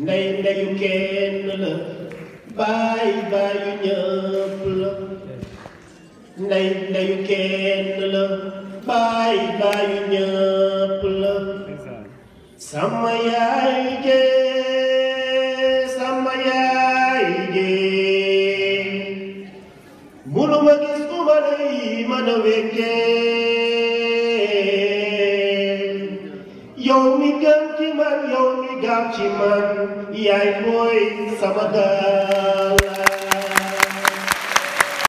ndey ndeyu uh, kenn la baay baayu ñëpp la uh, ndey ndeyu kenn la baay baayu ñëpp la sama yaay jee sama yaay jee munuma gis yow mi gën ci man yow gamchiman, iai moi samadai.